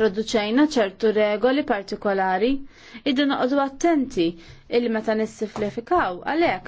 introduċejna ċertu regoli partikolari, id noqogħdu attenti il meta nissimplifikaw għalhekk